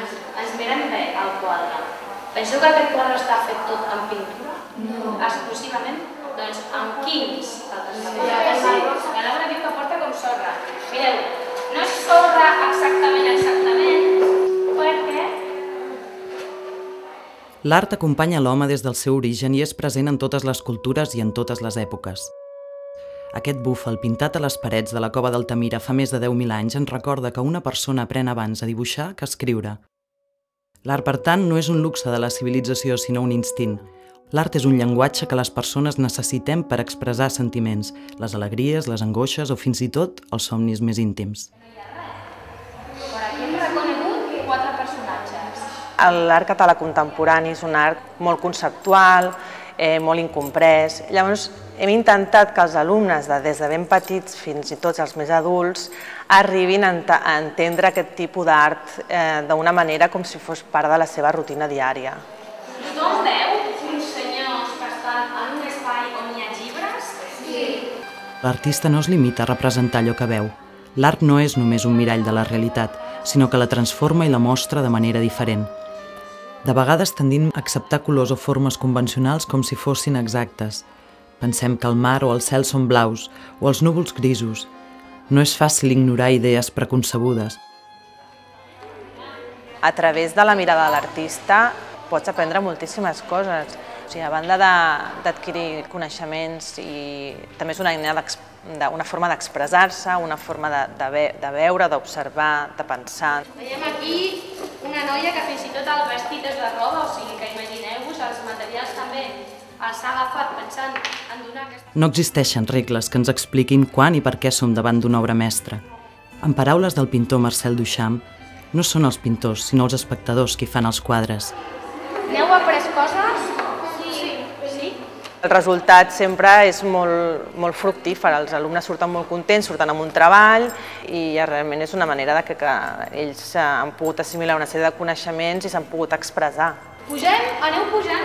ens mirem bé el quadre. Penseu que aquest quadre està fet tot en pintura? No. Exclusivament? Doncs amb quins? Sí, sí. La Laura diu que porta com sorra. Mireu, no és sorra exactament, exactament, perquè... L'art acompanya l'home des del seu origen i és present en totes les cultures i en totes les èpoques. Aquest búfal pintat a les parets de la cova d'Altamira fa més de 10.000 anys ens recorda que una persona aprèn abans a dibuixar que a escriure. L'art, per tant, no és un luxe de la civilització, sinó un instint. L'art és un llenguatge que les persones necessitem per expressar sentiments, les alegries, les angoixes o fins i tot els somnis més íntims. L'art català contemporani és un art molt conceptual, eh, molt incomprès. Llavors, hem intentat que els alumnes, de, des de ben petits fins i tot els més adults, arribin a, ent a entendre aquest tipus d'art eh, d'una manera com si fos part de la seva rutina diària. Tothom veu uns senyors que estan en un espai on hi ha llibres? Sí. L'artista no es limita a representar allò que veu. L'art no és només un mirall de la realitat, sinó que la transforma i la mostra de manera diferent. De vegades tendim a acceptar colors o formes convencionals com si fossin exactes. Pensem que el mar o el cel són blaus, o els núvols grisos. No és fàcil ignorar idees preconcebudes. A través de la mirada de l'artista pots aprendre moltíssimes coses. O sigui, a banda d'adquirir coneixements, i també és una, una forma d'expressar-se, una forma de, de, ve, de veure, d'observar, de pensar. Veiem aquí una noia que fins i tot el vestit és de roba, o sigui que imagineu-vos els materials també els ha agafat pensant en donar aquesta... No existeixen regles que ens expliquin quan i per què som davant d'una obra mestra. En paraules del pintor Marcel Duchamp, no són els pintors, sinó els espectadors qui fan els quadres. N'heu après coses el resultat sempre és molt, molt fructífer, els alumnes surten molt contents, surten amb un treball i ja realment és una manera de que, que ells eh, han pogut assimilar una sèrie de coneixements i s'han pogut expressar. Pugem, aneu pujant.